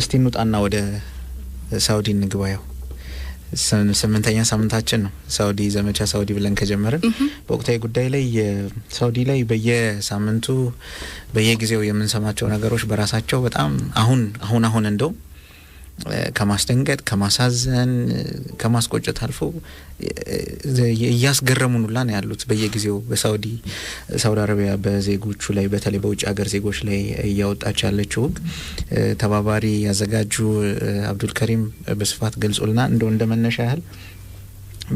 እስቲ እንውጣና ወደ ሳውዲ እንግባ። ያው ስምንተኛ ሳምንታችን ነው ሳውዲ ዘመቻ ሳውዲ ብለን ከጀመርን በወቅታዊ ጉዳይ ላይ ሳውዲ ላይ በየሳምንቱ በየጊዜው የምንሰማቸው ነገሮች በራሳቸው በጣም አሁን አሁን አሁን እንደውም ከማስደንገጥ፣ ከማሳዘን፣ ከማስቆጨት አልፎ እያስገረሙ ኑላ ነው ያሉት በየጊዜው በሳውዲ ሳውዲ አረቢያ በዜጎቹ ላይ በተለይ በውጭ ሀገር ዜጎች ላይ እያወጣች ያለችው ህግ ተባባሪ ያዘጋጁ አብዱልከሪም በስፋት ገልጾልና እንደ እንደ መነሻ ያህል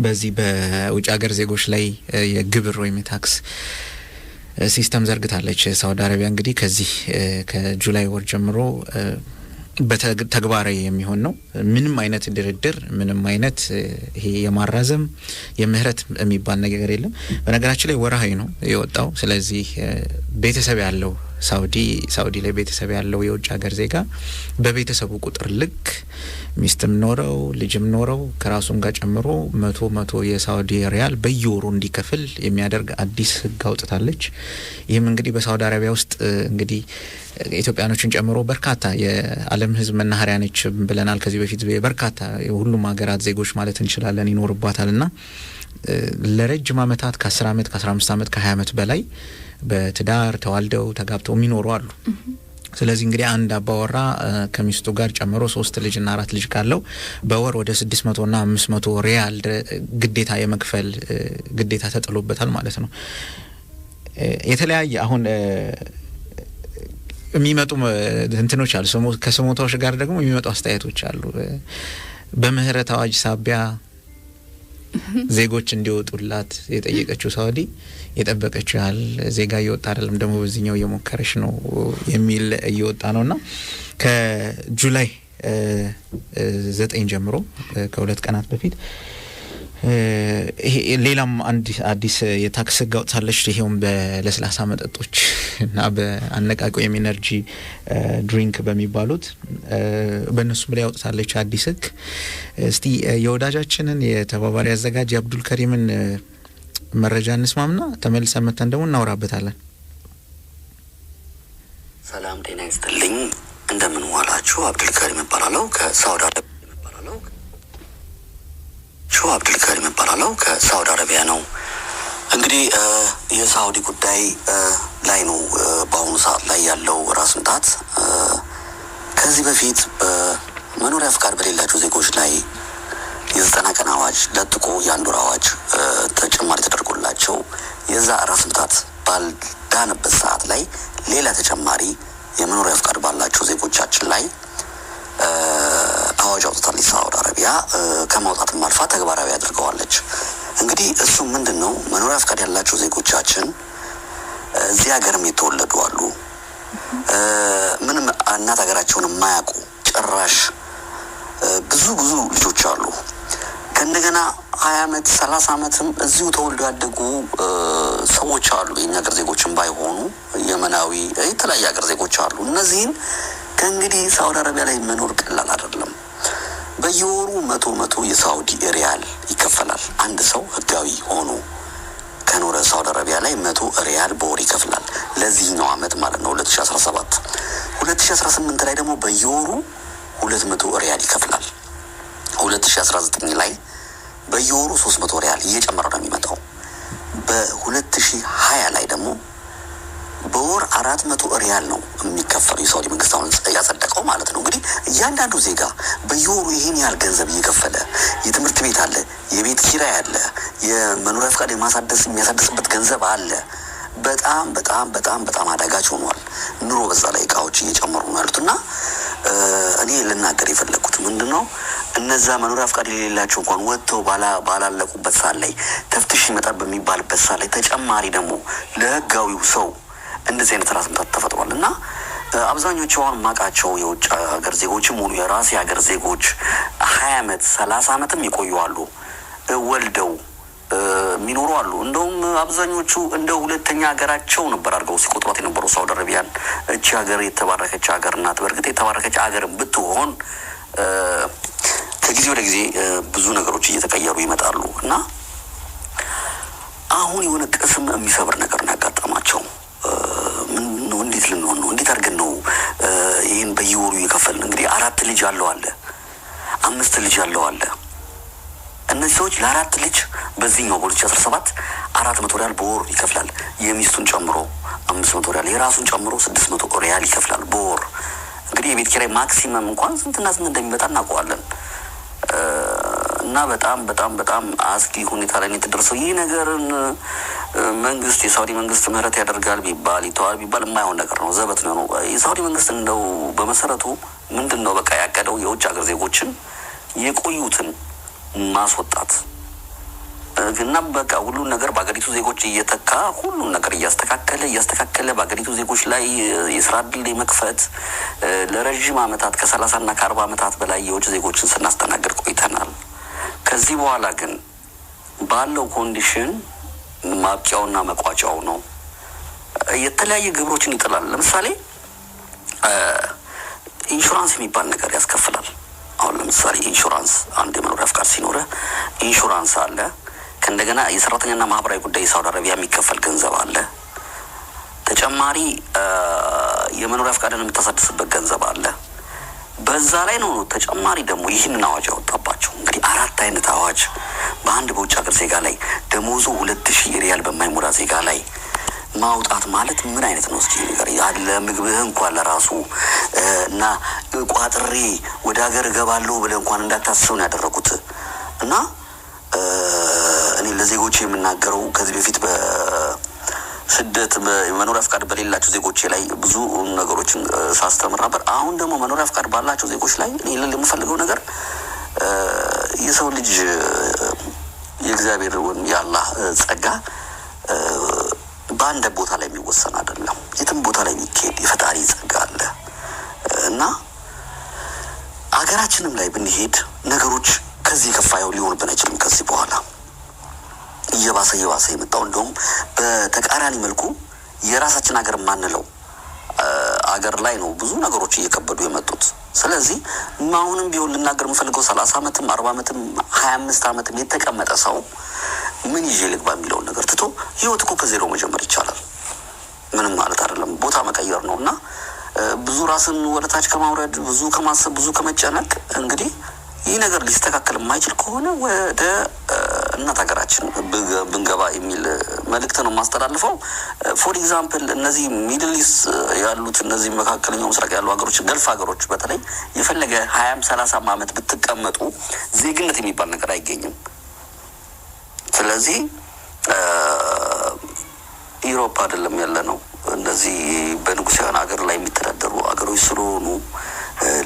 በዚህ በውጭ ሀገር ዜጎች ላይ የግብር ወይም የታክስ ሲስተም ዘርግታለች ሳውዲ አረቢያ እንግዲህ ከዚህ ከጁላይ ወር ጀምሮ በተግባራዊ የሚሆን ነው። ምንም አይነት ድርድር፣ ምንም አይነት ይሄ የማራዘም የምህረት የሚባል ነገር የለም። በነገራችን ላይ ወርሃዊ ነው የወጣው። ስለዚህ ቤተሰብ ያለው ሳውዲ ሳውዲ ላይ ቤተሰብ ያለው የውጭ ሀገር ዜጋ በቤተሰቡ ቁጥር ልክ ሚስትም ኖረው ልጅም ኖረው ከራሱም ጋር ጨምሮ መቶ መቶ የሳውዲ ሪያል በየወሩ እንዲከፍል የሚያደርግ አዲስ ህግ አውጥታለች። ይህም እንግዲህ በሳውዲ አረቢያ ውስጥ እንግዲህ ኢትዮጵያኖችን ጨምሮ በርካታ የዓለም ህዝብ መናኸሪያ ነች ብለናል ከዚህ በፊት በርካታ የሁሉም ሀገራት ዜጎች ማለት እንችላለን ይኖርባታል እና ለረጅም ዓመታት ከ ዓመት ከ15 ዓመት ከ ዓመት በላይ በትዳር ተዋልደው ተጋብተው የሚኖሩ አሉ። ስለዚህ እንግዲህ አንድ አባወራ ከሚስቱ ጋር ጨምሮ ሶስት ልጅና አራት ልጅ ካለው በወር ወደ ስድስት መቶና አምስት መቶ ሪያል ግዴታ የመክፈል ግዴታ ተጥሎበታል ማለት ነው። የተለያየ አሁን የሚመጡ እንትኖች አሉ። ከስሞታዎች ጋር ደግሞ የሚመጡ አስተያየቶች አሉ። በምህረት አዋጅ ሳቢያ ዜጎች እንዲወጡላት የጠየቀችው ሳውዲ የጠበቀችው ያህል ዜጋ እየወጣ አይደለም፣ ደግሞ በዚህኛው እየሞከረች ነው የሚል እየወጣ ነው እና ከጁላይ ዘጠኝ ጀምሮ ከሁለት ቀናት በፊት ሌላም አዲስ የታክስ ህግ አውጥታለች። ይሄውም በለስላሳ መጠጦች እና በአነቃቂ ወይም ኤነርጂ ድሪንክ በሚባሉት በእነሱም ላይ አውጥታለች አዲስ ህግ። እስቲ የወዳጃችንን የተባባሪ አዘጋጅ የአብዱል ከሪምን መረጃ እንስማምና ተመልሰን መተን ደግሞ እናወራበታለን። ሰላም ጤና ይስጥልኝ። እንደምን ዋላችሁ። አብዱልከሪም እባላለሁ ከሳውዲ ስማቸው አብዱልከሪም ይባላለው ከሳውዲ አረቢያ ነው። እንግዲህ የሳውዲ ጉዳይ ላይ ነው በአሁኑ ሰዓት ላይ ያለው ራስ ምታት። ከዚህ በፊት በመኖሪያ ፍቃድ በሌላቸው ዜጎች ላይ የዘጠና ቀን አዋጅ ለጥቆ የአንድ ወር አዋጅ ተጨማሪ ተደርጎላቸው የዛ ራስ ምታት ባልዳነበት ሰዓት ላይ ሌላ ተጨማሪ የመኖሪያ ፍቃድ ባላቸው ዜጎቻችን ላይ አዋጅ አውጥታለች ሳውዲ አረቢያ። ከማውጣትም አልፋ ተግባራዊ አድርገዋለች። እንግዲህ እሱ ምንድን ነው መኖሪያ ፈቃድ ያላቸው ዜጎቻችን እዚህ ሀገርም የተወለዱ አሉ። ምንም እናት ሀገራቸውን የማያውቁ ጭራሽ ብዙ ብዙ ልጆች አሉ። ከእንደገና ሀያ አመት ሰላሳ አመትም እዚሁ ተወልዶ ያደጉ ሰዎች አሉ። የኛ ሀገር ዜጎችን ባይሆኑ የመናዊ የተለያየ ሀገር ዜጎች አሉ። እነዚህን ከእንግዲህ ሳውዲ አረቢያ ላይ መኖር ቀላል አይደለም። በየወሩ መቶ መቶ የሳውዲ ሪያል ይከፈላል። አንድ ሰው ህጋዊ ሆኖ ከኖረ ሳውዲ አረቢያ ላይ መቶ ሪያል በወር ይከፍላል። ለዚህኛው አመት ማለት ነው 2017 2018 ላይ ደግሞ በየወሩ ሁለት መቶ ሪያል ይከፍላል። 2019 ላይ በየወሩ ሶስት መቶ ሪያል እየጨመረ አራት መቶ ሪያል ነው የሚከፈለው የሳውዲ መንግስት አሁን ያጸደቀው ማለት ነው። እንግዲህ እያንዳንዱ ዜጋ በየወሩ ይህን ያህል ገንዘብ እየከፈለ የትምህርት ቤት አለ፣ የቤት ኪራይ አለ፣ የመኖሪያ ፈቃድ የማሳደስ የሚያሳደስበት ገንዘብ አለ። በጣም በጣም በጣም በጣም አዳጋች ሆኗል ኑሮ። በዛ ላይ እቃዎች እየጨመሩ ነው ያሉት እና እኔ ልናገር የፈለግኩት ምንድን ነው እነዛ መኖሪያ ፍቃድ የሌላቸው እንኳን ወጥተው ባላለቁበት ሳት ላይ ተፍትሽ ይመጣል በሚባልበት ሳት ላይ ተጨማሪ ደግሞ ለህጋዊው ሰው እንደዚህ አይነት ራስ ምታት ተፈጥሯል እና አብዛኞቹ አሁን ማቃቸው የውጭ ሀገር ዜጎችም ሆኑ የራሴ ሀገር ዜጎች ሀያ አመት ሰላሳ አመትም ይቆዩ አሉ ወልደው የሚኖሩ አሉ። እንደውም አብዛኞቹ እንደ ሁለተኛ ሀገራቸው ነበር አድርገው ሲቆጥሯት የነበሩ ሳውዲ አረቢያን። እቺ ሀገር የተባረከች ሀገር ናት። በእርግጥ የተባረከች ሀገር ብትሆን ከጊዜ ወደ ጊዜ ብዙ ነገሮች እየተቀየሩ ይመጣሉ እና አሁን የሆነ ቅስም የሚሰብር ነገር ነው ያጋጠማቸው። እንዴት ልንሆን ነው? እንዴት አድርገን ነው ይህን በየወሩ የከፈልን? እንግዲህ አራት ልጅ አለው አለ፣ አምስት ልጅ አለው አለ። እነዚህ ሰዎች ለአራት ልጅ በዚህኛው በሁለት ሺ አስራ ሰባት አራት መቶ ሪያል በወር ይከፍላል። የሚስቱን ጨምሮ አምስት መቶ ሪያል የራሱን ጨምሮ ስድስት መቶ ሪያል ይከፍላል በወር እንግዲህ የቤት ኪራይ ማክሲመም እንኳን ስንትና ስንት እንደሚመጣ እናውቀዋለን። እና በጣም በጣም በጣም አስጊ ሁኔታ ላይ የተደረሰው ይህ ነገርን መንግስት የሳውዲ መንግስት ምህረት ያደርጋል ቢባል ይተዋል ቢባል የማይሆን ነገር ነው፣ ዘበት ነው። የሳውዲ መንግስት እንደው በመሰረቱ ምንድን ነው በቃ ያቀደው የውጭ ሀገር ዜጎችን የቆዩትን ማስወጣት እና በቃ ሁሉን ነገር በሀገሪቱ ዜጎች እየተካ ሁሉን ነገር እያስተካከለ እያስተካከለ በሀገሪቱ ዜጎች ላይ የስራ እድል መክፈት ለረዥም ዓመታት ከሰላሳና ከአርባ ዓመታት በላይ የውጭ ዜጎችን ስናስተናግድ ቆይተናል። ከዚህ በኋላ ግን ባለው ኮንዲሽን ማብቂያውና መቋጫው ነው። የተለያየ ግብሮችን ይጥላል። ለምሳሌ ኢንሹራንስ የሚባል ነገር ያስከፍላል። አሁን ለምሳሌ ኢንሹራንስ አንድ የመኖሪያ ፍቃድ ሲኖረ ኢንሹራንስ አለ። ከእንደገና የሰራተኛና ማህበራዊ ጉዳይ የሳውዲ አረቢያ የሚከፈል ገንዘብ አለ። ተጨማሪ የመኖሪያ ፍቃድን የምታሳድስበት ገንዘብ አለ። በዛ ላይ ነው ተጨማሪ ደግሞ ይህንን አዋጅ ያወጣባቸው። እንግዲህ አራት አይነት አዋጅ በአንድ በውጭ ሀገር ዜጋ ላይ ደሞዙ ሁለት ሺህ ሪያል በማይሞላ ዜጋ ላይ ማውጣት ማለት ምን አይነት ነው? እስኪ ነገር ያለ ምግብህ እንኳን ለራሱ እና ቋጥሬ ወደ ሀገር እገባለሁ ብለህ እንኳን እንዳታስብ ነው ያደረጉት እና እኔ ለዜጎች የምናገረው ከዚህ በፊት ስደት መኖሪያ ፍቃድ በሌላቸው ዜጎች ላይ ብዙ ነገሮችን ሳስተምር ነበር። አሁን ደግሞ መኖሪያ ፍቃድ ባላቸው ዜጎች ላይ ልል የምፈልገው ነገር የሰው ልጅ የእግዚአብሔር ወይም የአላህ ጸጋ በአንድ ቦታ ላይ የሚወሰን አይደለም። የትም ቦታ ላይ የሚካሄድ የፈጣሪ ጸጋ አለ እና አገራችንም ላይ ብንሄድ ነገሮች ከዚህ የከፋ ሊሆንብን አይችልም ከዚህ በኋላ እየባሰ እየባሰ የመጣው እንደውም በተቃራኒ መልኩ የራሳችን ሀገር ማንለው አገር ላይ ነው ብዙ ነገሮች እየከበዱ የመጡት። ስለዚህ አሁንም ቢሆን ልናገር የምፈልገው ሰላሳ አመትም አርባ አመትም ሀያ አምስት ዓመትም የተቀመጠ ሰው ምን ይዤ ልግባ የሚለውን ነገር ትቶ ህይወት እኮ ከዜሮ መጀመር ይቻላል። ምንም ማለት አይደለም፣ ቦታ መቀየር ነው እና ብዙ ራስን ወደታች ከማውረድ ብዙ ከማሰብ ብዙ ከመጨነቅ እንግዲህ ይህ ነገር ሊስተካከል የማይችል ከሆነ ወደ እናት ሀገራችን ብንገባ የሚል መልእክት ነው የማስተላልፈው። ፎር ኤግዛምፕል እነዚህ ሚድል ኢስት ያሉት እነዚህ መካከለኛው ምስራቅ ያሉ ሀገሮች ገልፍ ሀገሮች በተለይ የፈለገ ሀያም ሰላሳም ዓመት ብትቀመጡ ዜግነት የሚባል ነገር አይገኝም። ስለዚህ ኢሮፕ አይደለም ያለ ነው። እነዚህ በንጉሳውያን ሀገር ላይ የሚተዳደሩ ሀገሮች ስለሆኑ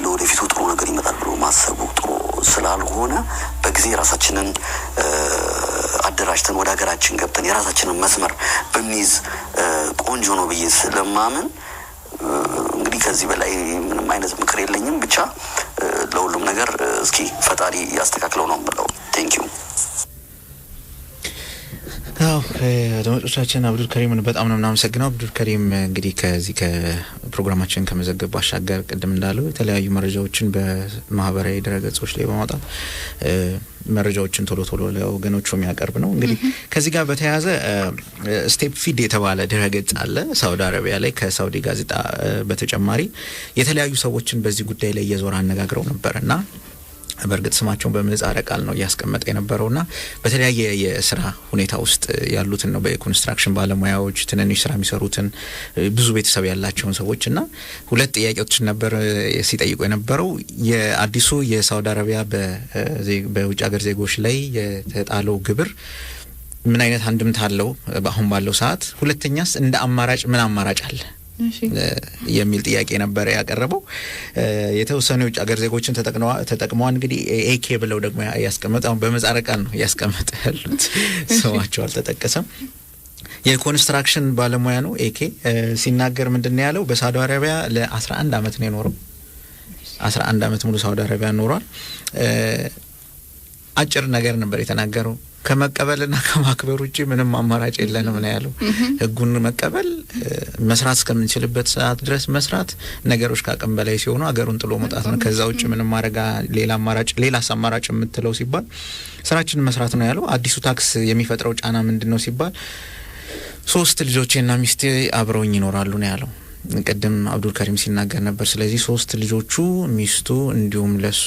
ለወደፊቱ ጥሩ ነገር ይመጣል ብሎ ማሰቡ ጥሩ ስላልሆነ በጊዜ የራሳችንን አደራጅተን ወደ ሀገራችን ገብተን የራሳችንን መስመር በሚይዝ ቆንጆ ነው ብዬ ስለማምን እንግዲህ ከዚህ በላይ ምንም አይነት ምክር የለኝም። ብቻ ለሁሉም ነገር እስኪ ፈጣሪ ያስተካክለው ነው የምለው። ቴንኪዩ። ዩ። አዎ አድማጮቻችን አብዱል ከሪምን በጣም ነው የምናመሰግነው። አብዱል ከሪም እንግዲህ ከዚህ ፕሮግራማችንን ከመዘገብ ባሻገር ቅድም እንዳለው የተለያዩ መረጃዎችን በማህበራዊ ድረገጾች ላይ በማውጣት መረጃዎችን ቶሎ ቶሎ ለወገኖቹ የሚያቀርብ ነው። እንግዲህ ከዚህ ጋር በተያያዘ ስቴፕ ፊድ የተባለ ድረገጽ አለ ሳውዲ አረቢያ ላይ ከሳውዲ ጋዜጣ በተጨማሪ የተለያዩ ሰዎችን በዚህ ጉዳይ ላይ እየዞረ አነጋግረው ነበር እና በእርግጥ ስማቸውን በምህጻረ ቃል ነው እያስቀመጠ የነበረውና በተለያየ የስራ ሁኔታ ውስጥ ያሉትን ነው በኮንስትራክሽን ባለሙያዎች ትንንሽ ስራ የሚሰሩትን ብዙ ቤተሰብ ያላቸውን ሰዎች እና ሁለት ጥያቄዎች ነበር ሲጠይቁ የነበረው የአዲሱ የሳውዲ አረቢያ በውጭ ሀገር ዜጎች ላይ የተጣለው ግብር ምን አይነት አንድምታ አለው በአሁን ባለው ሰዓት? ሁለተኛስ እንደ አማራጭ ምን አማራጭ አለ? የሚል ጥያቄ ነበረ ያቀረበው። የተወሰኑ የውጭ ሀገር ዜጎችን ተጠቅመዋ እንግዲህ ኤኬ ብለው ደግሞ ያስቀመጠ አሁን በምህጻረ ቃል ነው እያስቀመጠ ያሉት ስማቸው አልተጠቀሰም። የኮንስትራክሽን ባለሙያ ነው ኤኬ ሲናገር ምንድን ነው ያለው? በሳውዲ አረቢያ ለ11 ዓመት ነው የኖረው። 11 ዓመት ሙሉ ሳውዲ አረቢያ ኖሯል። አጭር ነገር ነበር የተናገረው። ከመቀበልና ከማክበር ውጭ ምንም አማራጭ የለንም ነው ያለው። ህጉን መቀበል፣ መስራት እስከምንችልበት ሰዓት ድረስ መስራት፣ ነገሮች ከአቅም በላይ ሲሆኑ አገሩን ጥሎ መውጣት ነው። ከዛ ውጭ ምንም አረጋ ሌላ አማራጭ ሌላስ አማራጭ የምትለው ሲባል ስራችን መስራት ነው ያለው። አዲሱ ታክስ የሚፈጥረው ጫና ምንድን ነው ሲባል ሶስት ልጆቼና ሚስቴ አብረውኝ ይኖራሉ ነው ያለው። ቅድም አብዱል ከሪም ሲናገር ነበር። ስለዚህ ሶስት ልጆቹ ሚስቱ እንዲሁም ለሱ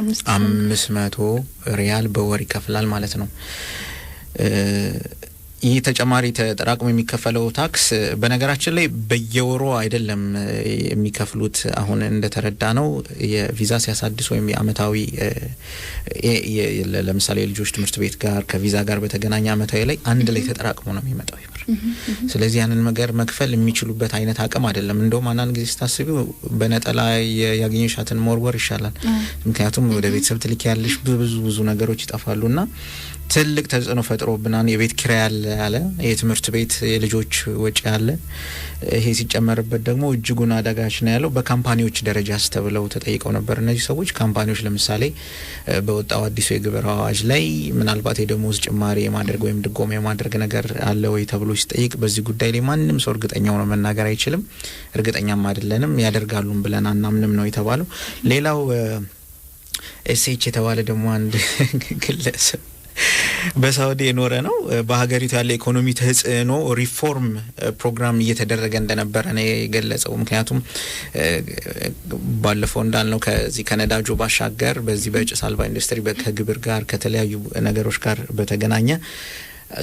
አምስት መቶ ሪያል በወር ይከፍላል ማለት ነው። ይህ ተጨማሪ ተጠራቅሞ የሚከፈለው ታክስ በነገራችን ላይ በየወሩ አይደለም የሚከፍሉት። አሁን እንደተረዳ ነው የቪዛ ሲያሳድስ ወይም የአመታዊ ለምሳሌ የልጆች ትምህርት ቤት ጋር ከቪዛ ጋር በተገናኘ አመታዊ ላይ አንድ ላይ ተጠራቅሞ ነው የሚመጣው ይብር። ስለዚህ ያንን ነገር መክፈል የሚችሉበት አይነት አቅም አይደለም። እንደውም አንዳንድ ጊዜ ስታስቢው በነጠላ ያገኘሻትን መወርወር ይሻላል። ምክንያቱም ወደ ቤተሰብ ያለሽ ብዙ ብዙ ነገሮች ይጠፋሉና ትልቅ ተጽዕኖ ፈጥሮብናል። የቤት ኪራይ አለ አለ የትምህርት ቤት የልጆች ወጪ አለ። ይሄ ሲጨመርበት ደግሞ እጅጉን አዳጋች ነው ያለው። በካምፓኒዎች ደረጃ ተብለው ተጠይቀው ነበር እነዚህ ሰዎች። ካምፓኒዎች ለምሳሌ በወጣው አዲሱ የግብር አዋጅ ላይ ምናልባት የደሞዝ ጭማሪ የማድረግ ወይም ድጎማ የማድረግ ነገር አለ ወይ ተብሎ ሲጠይቅ በዚህ ጉዳይ ላይ ማንም ሰው እርግጠኛ ሆኖ መናገር አይችልም። እርግጠኛም አይደለንም። ያደርጋሉም ብለን አናምንም ነው የተባለው። ሌላው ኤስኤች የተባለ ደግሞ አንድ ግለሰብ በሳውዲ የኖረ ነው። በሀገሪቱ ያለ ኢኮኖሚ ተጽዕኖ ሪፎርም ፕሮግራም እየተደረገ እንደነበረ ነው የገለጸው። ምክንያቱም ባለፈው እንዳልነው ከዚህ ከነዳጁ ባሻገር በዚህ በጭስ አልባ ኢንዱስትሪ ከግብር ጋር ከተለያዩ ነገሮች ጋር በተገናኘ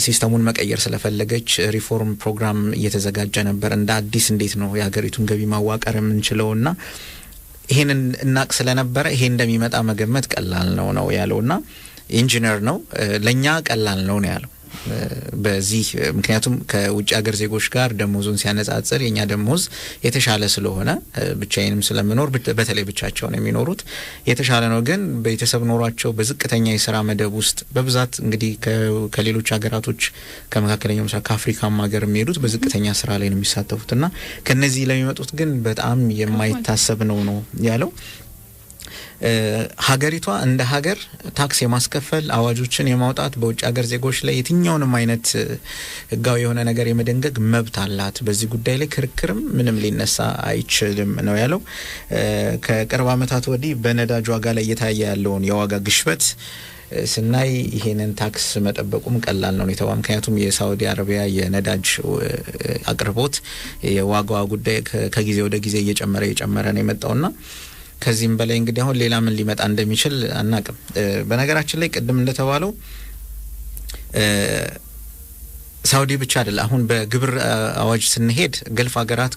ሲስተሙን መቀየር ስለፈለገች ሪፎርም ፕሮግራም እየተዘጋጀ ነበር። እንደ አዲስ እንዴት ነው የሀገሪቱን ገቢ ማዋቀር የምንችለውና ይሄንን እናቅ ስለነበረ ይሄ እንደሚመጣ መገመት ቀላል ነው ነው ና ኢንጂነር ነው ለእኛ ቀላል ነው ነው ያለው። በዚህ ምክንያቱም ከውጭ ሀገር ዜጎች ጋር ደሞዙን ሲያነጻጽር የእኛ ደሞዝ የተሻለ ስለሆነ ብቻዬንም ስለምኖር በተለይ ብቻቸውን የሚኖሩት የተሻለ ነው። ግን ቤተሰብ ኖሯቸው በዝቅተኛ የስራ መደብ ውስጥ በብዛት እንግዲህ ከሌሎች ሀገራቶች ከመካከለኛው ምስራቅ ከአፍሪካም ሀገር የሚሄዱት በዝቅተኛ ስራ ላይ ነው የሚሳተፉት እና ከነዚህ ለሚመጡት ግን በጣም የማይታሰብ ነው ነው ያለው። ሀገሪቷ እንደ ሀገር ታክስ የማስከፈል አዋጆችን የማውጣት በውጭ ሀገር ዜጎች ላይ የትኛውንም አይነት ህጋዊ የሆነ ነገር የመደንገግ መብት አላት። በዚህ ጉዳይ ላይ ክርክርም ምንም ሊነሳ አይችልም ነው ያለው። ከቅርብ ዓመታት ወዲህ በነዳጅ ዋጋ ላይ እየታየ ያለውን የዋጋ ግሽበት ስናይ ይሄንን ታክስ መጠበቁም ቀላል ነው የተባ ምክንያቱም የሳውዲ አረቢያ የነዳጅ አቅርቦት የዋጋዋ ጉዳይ ከጊዜ ወደ ጊዜ እየጨመረ እየጨመረ ነው የመጣውና ከዚህም በላይ እንግዲህ አሁን ሌላ ምን ሊመጣ እንደሚችል አናቅም። በነገራችን ላይ ቅድም እንደተባለው ሳውዲ ብቻ አይደለ። አሁን በግብር አዋጅ ስንሄድ ገልፍ ሀገራት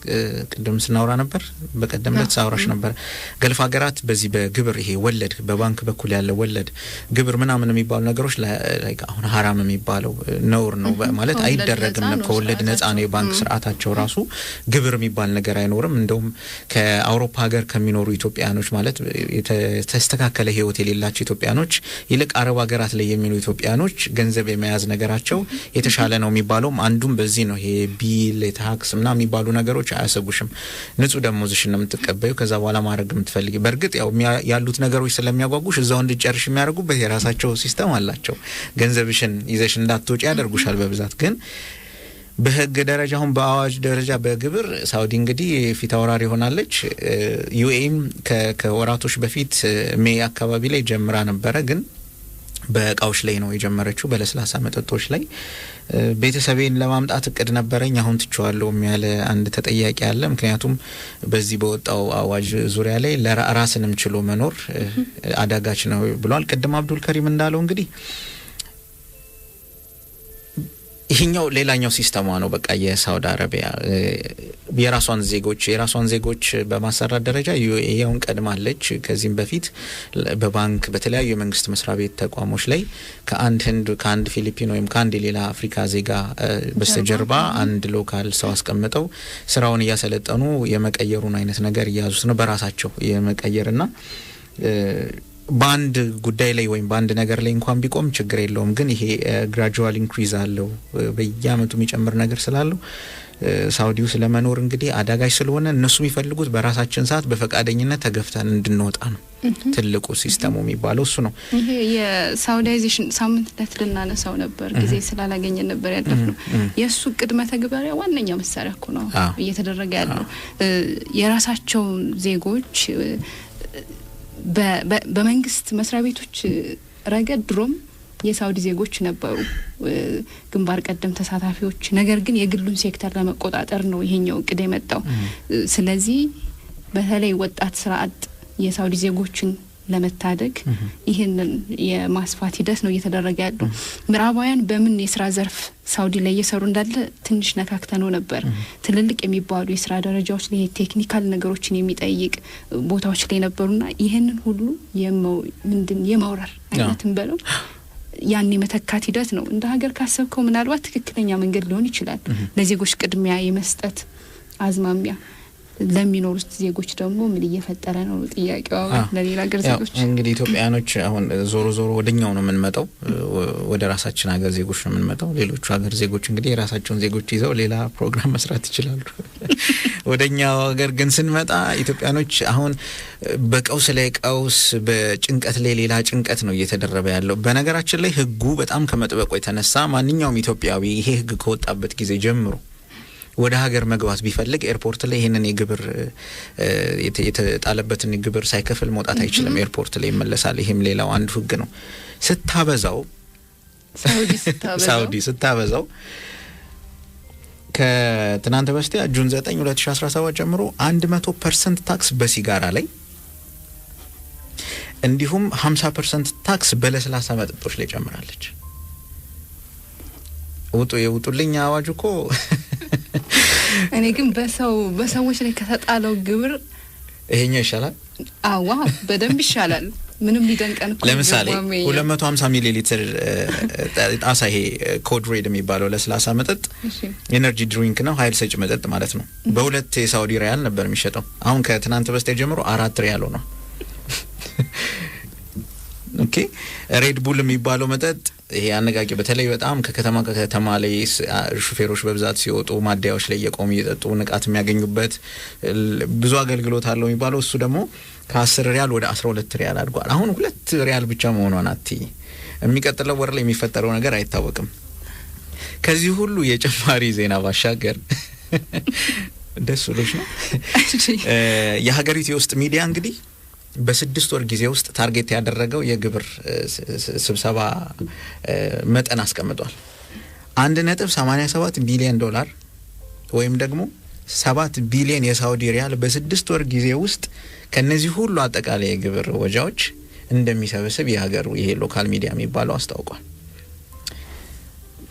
ቅድም ስናወራ ነበር፣ በቀደም ለት ሳውራሽ ነበር። ገልፍ ሀገራት በዚህ በግብር ይሄ ወለድ በባንክ በኩል ያለ ወለድ ግብር ምናምን የሚባሉ ነገሮች አሁን ሀራም የሚባለው ነውር ነው ማለት አይደረግም። ከወለድ ነጻ ነው የባንክ ስርዓታቸው ራሱ ግብር የሚባል ነገር አይኖርም። እንደውም ከአውሮፓ ሀገር ከሚኖሩ ኢትዮጵያኖች ማለት የተስተካከለ ህይወት የሌላቸው ኢትዮጵያኖች ይልቅ አረብ ሀገራት ላይ የሚኖሩ ኢትዮጵያኖች ገንዘብ የመያዝ ነገራቸው የተሻለ ነው የሚባለውም አንዱም በዚህ ነው። ይሄ ቢል የታክስ ምና የሚባሉ ነገሮች አያሰጉሽም። ንጹህ ደሞዝሽን ነው የምትቀበዩ። ከዛ በኋላ ማድረግ የምትፈልጊ በእርግጥ ያው ያሉት ነገሮች ስለሚያጓጉሽ እዛው እንድጨርሽ የሚያደርጉበት የራሳቸው ሲስተም አላቸው። ገንዘብሽን ይዘሽ እንዳትወጪ ያደርጉሻል በብዛት ግን በህግ ደረጃ አሁን በአዋጅ ደረጃ በግብር ሳውዲ እንግዲህ ፊት አውራሪ ሆናለች። ዩኤም ከወራቶች በፊት ሜይ አካባቢ ላይ ጀምራ ነበረ ግን በእቃዎች ላይ ነው የጀመረችው፣ በለስላሳ መጠጦች ላይ። ቤተሰቤን ለማምጣት እቅድ ነበረኝ፣ አሁን ትችዋለሁም ያለ አንድ ተጠያቂ አለ። ምክንያቱም በዚህ በወጣው አዋጅ ዙሪያ ላይ ራስንም ችሎ መኖር አዳጋች ነው ብሏል። ቅድም አብዱል ከሪም እንዳለው እንግዲህ ይሄኛው ሌላኛው ሲስተሟ ነው። በቃ የሳውዲ አረቢያ የራሷን ዜጎች የራሷን ዜጎች በማሰራት ደረጃ ዩኤውን ቀድማለች። ከዚህም በፊት በባንክ በተለያዩ የመንግስት መስሪያ ቤት ተቋሞች ላይ ከአንድ ህንድ ከአንድ ፊሊፒን ወይም ከአንድ የሌላ አፍሪካ ዜጋ በስተጀርባ አንድ ሎካል ሰው አስቀምጠው ስራውን እያሰለጠኑ የመቀየሩን አይነት ነገር እየያዙት ነው በራሳቸው የመቀየርና በአንድ ጉዳይ ላይ ወይም በአንድ ነገር ላይ እንኳን ቢቆም ችግር የለውም። ግን ይሄ ግራጁዋል ኢንክሪዝ አለው በየአመቱ የሚጨምር ነገር ስላለው ሳውዲ ውስጥ ለመኖር እንግዲህ አዳጋጅ ስለሆነ እነሱ የሚፈልጉት በራሳችን ሰዓት በፈቃደኝነት ተገፍተን እንድንወጣ ነው። ትልቁ ሲስተሙ የሚባለው እሱ ነው። ይሄ የሳውዳይዜሽን ሳምንት ለት ልናነሳው ነበር፣ ጊዜ ስላላገኘ ነበር ያለፍ ነው። የእሱ ቅድመ ተግበሪያ ዋነኛ መሳሪያ እኮ ነው እየተደረገ ያለው የራሳቸውን ዜጎች በመንግስት መስሪያ ቤቶች ረገድ ድሮም የሳውዲ ዜጎች ነበሩ ግንባር ቀደም ተሳታፊዎች። ነገር ግን የግሉን ሴክተር ለመቆጣጠር ነው ይሄኛው እቅድ የመጣው። ስለዚህ በተለይ ወጣት ስራ አጥ የሳውዲ ዜጎችን ለመታደግ ይህንን የማስፋት ሂደት ነው እየተደረገ ያሉ። ምዕራባውያን በምን የስራ ዘርፍ ሳውዲ ላይ እየሰሩ እንዳለ ትንሽ ነካክተነው ነበር። ትልልቅ የሚባሉ የስራ ደረጃዎች ላይ ቴክኒካል ነገሮችን የሚጠይቅ ቦታዎች ላይ ነበሩና ይህንን ሁሉ ምንድን የማውረር አይነትም በለው ያን የመተካት ሂደት ነው እንደ ሀገር ካሰብከው ምናልባት ትክክለኛ መንገድ ሊሆን ይችላል። ለዜጎች ቅድሚያ የመስጠት አዝማሚያ ለሚኖሩት ዜጎች ደግሞ ምን እየፈጠረ ነው ጥያቄው፣ ለሌላ ሀገር ዜጎች እንግዲህ ኢትዮጵያውያኖች አሁን ዞሮ ዞሮ ወደኛው ነው የምንመጣው፣ ወደ ራሳችን ሀገር ዜጎች ነው የምንመጣው። ሌሎቹ ሀገር ዜጎች እንግዲህ የራሳቸውን ዜጎች ይዘው ሌላ ፕሮግራም መስራት ይችላሉ። ወደኛው ሀገር ግን ስንመጣ ኢትዮጵያኖች አሁን በቀውስ ላይ ቀውስ፣ በጭንቀት ላይ ሌላ ጭንቀት ነው እየተደረበ ያለው። በነገራችን ላይ ህጉ በጣም ከመጥበቁ የተነሳ ማንኛውም ኢትዮጵያዊ ይሄ ህግ ከወጣበት ጊዜ ጀምሮ ወደ ሀገር መግባት ቢፈልግ ኤርፖርት ላይ ይህንን የግብር የተጣለበትን ግብር ሳይከፍል መውጣት አይችልም። ኤርፖርት ላይ ይመለሳል። ይህም ሌላው አንዱ ህግ ነው። ስታበዛው ሳውዲ ስታበዛው ከትናንት በስቲያ ጁን 9 2017 ጀምሮ 100 ፐርሰንት ታክስ በሲጋራ ላይ እንዲሁም 50 ፐርሰንት ታክስ በለስላሳ መጠጦች ላይ ጨምራለች። ውጡ የውጡልኝ አዋጅ እኮ እኔ ግን በሰው በሰዎች ላይ ከተጣለው ግብር ይሄኛው ይሻላል። አዋ በደንብ ይሻላል። ምንም ሊደንቀን ለምሳሌ ሀምሳ ሚሊ ሊትር ጣሳ ይሄ ኮድ ሬድ የሚባለው ለስላሳ መጠጥ ኤነርጂ ድሪንክ ነው፣ ኃይል ሰጭ መጠጥ ማለት ነው። በሁለት የሳውዲ ሪያል ነበር የሚሸጠው። አሁን ከትናንት በስቲያ ጀምሮ አራት ሪያል ነው። ኦኬ ሬድ ቡል የሚባለው መጠጥ ይሄ አነቃቂ በተለይ በጣም ከከተማ ከከተማ ላይ ሹፌሮች በብዛት ሲወጡ ማደያዎች ላይ እየቆሙ እየጠጡ ንቃት የሚያገኙበት ብዙ አገልግሎት አለው የሚባለው እሱ ደግሞ ከአስር ሪያል ወደ አስራ ሁለት ሪያል አድጓል። አሁን ሁለት ሪያል ብቻ መሆኗን አትይ። የሚቀጥለው ወር ላይ የሚፈጠረው ነገር አይታወቅም። ከዚህ ሁሉ የጭማሪ ዜና ባሻገር ደስ ብሎሽ ነው የሀገሪቱ የውስጥ ሚዲያ እንግዲህ በስድስት ወር ጊዜ ውስጥ ታርጌት ያደረገው የግብር ስብሰባ መጠን አስቀምጧል። አንድ ነጥብ 87 ቢሊዮን ዶላር ወይም ደግሞ ሰባት ቢሊዮን የሳውዲ ሪያል በስድስት ወር ጊዜ ውስጥ ከነዚህ ሁሉ አጠቃላይ የግብር ወጃዎች እንደሚሰበስብ የሀገሩ ይሄ ሎካል ሚዲያ የሚባለው አስታውቋል።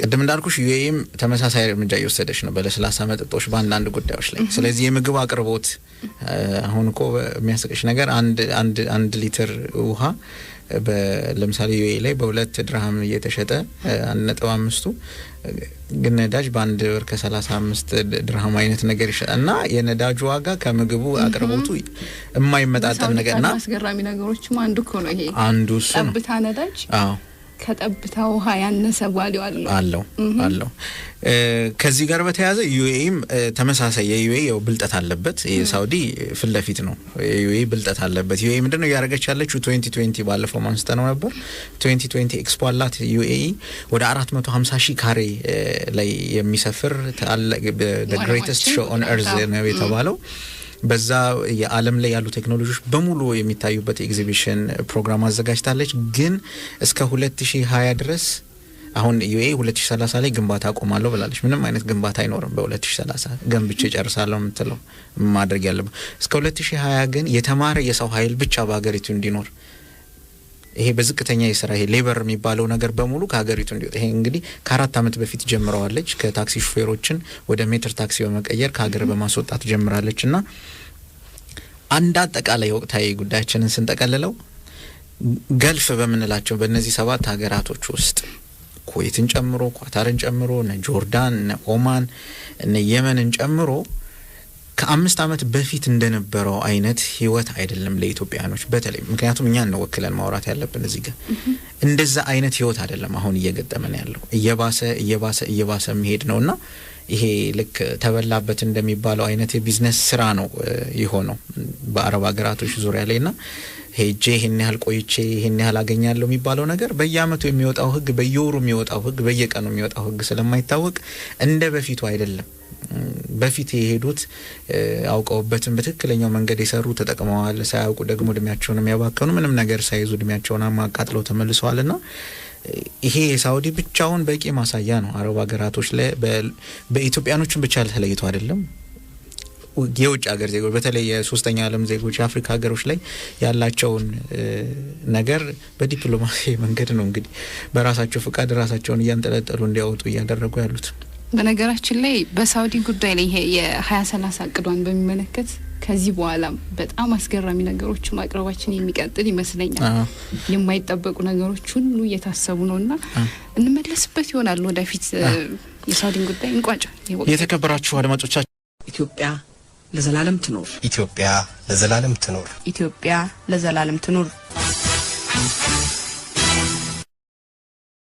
ቅድም እንዳልኩሽ ዩኤም ተመሳሳይ እርምጃ እየወሰደች ነው በለስላሳ መጠጦች በአንዳንድ ጉዳዮች ላይ። ስለዚህ የምግብ አቅርቦት አሁን እኮ የሚያስቀሽ ነገር አንድ ሊትር ውሃ ለምሳሌ ዩኤ ላይ በሁለት ድርሃም እየተሸጠ አንድ ነጥብ አምስቱ ግን ነዳጅ በአንድ ብር ከሰላሳ አምስት ድርሃም አይነት ነገር ይሸጣል እና የነዳጁ ዋጋ ከምግቡ አቅርቦቱ የማይመጣጠን ነገር ና አስገራሚ ነገሮችም አንዱ እኮ ነው ይሄ አንዱ እሱ ነው ነዳጅ ከጠብታ ውሃ ያነሰ ቫሊዩ አለው አለው አለው። ከዚህ ጋር በተያያዘ ዩኤም ተመሳሳይ የዩኤ ው ብልጠት አለበት። የሳውዲ ፊት ለፊት ነው። የዩኤ ብልጠት አለበት። ዩኤ ምንድን ነው እያደረገች ያለችው? ትዌንቲ ትዌንቲ ባለፈው ማንስተ ነው ነበር ትዌንቲ ትዌንቲ ኤክስፖ አላት ዩኤ ወደ አራት መቶ ሀምሳ ሺህ ካሬ ላይ የሚሰፍር ግሬተስት ሾ ኦን ኤርዝ ነው የተባለው በዛ የዓለም ላይ ያሉ ቴክኖሎጂዎች በሙሉ የሚታዩበት ኤግዚቢሽን ፕሮግራም አዘጋጅታለች። ግን እስከ 2020 ድረስ አሁን ዩኤ 2030 ላይ ግንባታ አቆማለሁ ብላለች። ምንም አይነት ግንባታ አይኖርም በ2030 ገንብቼ ጨርሳለሁ የምትለው ማድረግ ያለበት እስከ 2020 ግን የተማረ የሰው ኃይል ብቻ በሀገሪቱ እንዲኖር ይሄ በዝቅተኛ የስራ ይሄ ሌበር የሚባለው ነገር በሙሉ ከሀገሪቱ እንዲወጣ ይሄ እንግዲህ ከአራት ዓመት በፊት ጀምረዋለች። ከታክሲ ሹፌሮችን ወደ ሜትር ታክሲ በመቀየር ከሀገር በማስወጣት ጀምራለች። እና አንድ አጠቃላይ ወቅታዊ ጉዳያችንን ስንጠቀልለው ገልፍ በምንላቸው በእነዚህ ሰባት ሀገራቶች ውስጥ ኩዌትን ጨምሮ ኳታርን ጨምሮ እነ ጆርዳን እነ ኦማን እነ የመንን ጨምሮ ከአምስት ዓመት በፊት እንደነበረው አይነት ህይወት አይደለም ለኢትዮጵያውያኖች በተለይ ምክንያቱም እኛ እንወክለን ወክለን ማውራት ያለብን እዚህ ጋር እንደዛ አይነት ህይወት አይደለም አሁን እየገጠመን ያለው እየባሰ እየባሰ እየባሰ መሄድ ነው እና ይሄ ልክ ተበላበት እንደሚባለው አይነት የቢዝነስ ስራ ነው የሆነው በአረብ ሀገራቶች ዙሪያ ላይ ና ሄጄ ይህን ያህል ቆይቼ ይህን ያህል አገኛለሁ የሚባለው ነገር በየአመቱ የሚወጣው ህግ በየወሩ የሚወጣው ህግ በየቀኑ የሚወጣው ህግ ስለማይታወቅ እንደ በፊቱ አይደለም በፊት የሄዱት አውቀውበትም በትክክለኛው መንገድ የሰሩ ተጠቅመዋል። ሳያውቁ ደግሞ እድሜያቸውን የሚያባከኑ ምንም ነገር ሳይዙ እድሜያቸውን አማቃጥለው ተመልሰዋል ና ይሄ የሳውዲ ብቻውን በቂ ማሳያ ነው። አረብ ሀገራቶች ላይ በኢትዮጵያኖችን ብቻ ተለይቶ አይደለም የውጭ ሀገር ዜጎች በተለይ የሶስተኛ ዓለም ዜጎች የአፍሪካ ሀገሮች ላይ ያላቸውን ነገር በዲፕሎማሲ መንገድ ነው እንግዲህ በራሳቸው ፍቃድ ራሳቸውን እያንጠለጠሉ እንዲያወጡ እያደረጉ ያሉት። በነገራችን ላይ በሳውዲ ጉዳይ ላይ ይሄ የሀያ ሰላሳ እቅዷን በሚመለከት ከዚህ በኋላ በጣም አስገራሚ ነገሮች ማቅረባችን የሚቀጥል ይመስለኛል። የማይጠበቁ ነገሮች ሁሉ እየታሰቡ ነው እና እንመለስበት ይሆናል ወደፊት። የሳውዲን ጉዳይ እንቋጫ። የተከበራችሁ አድማጮቻችን፣ ኢትዮጵያ ለዘላለም ትኖር! ኢትዮጵያ ለዘላለም ትኖር! ኢትዮጵያ ለዘላለም ትኖር!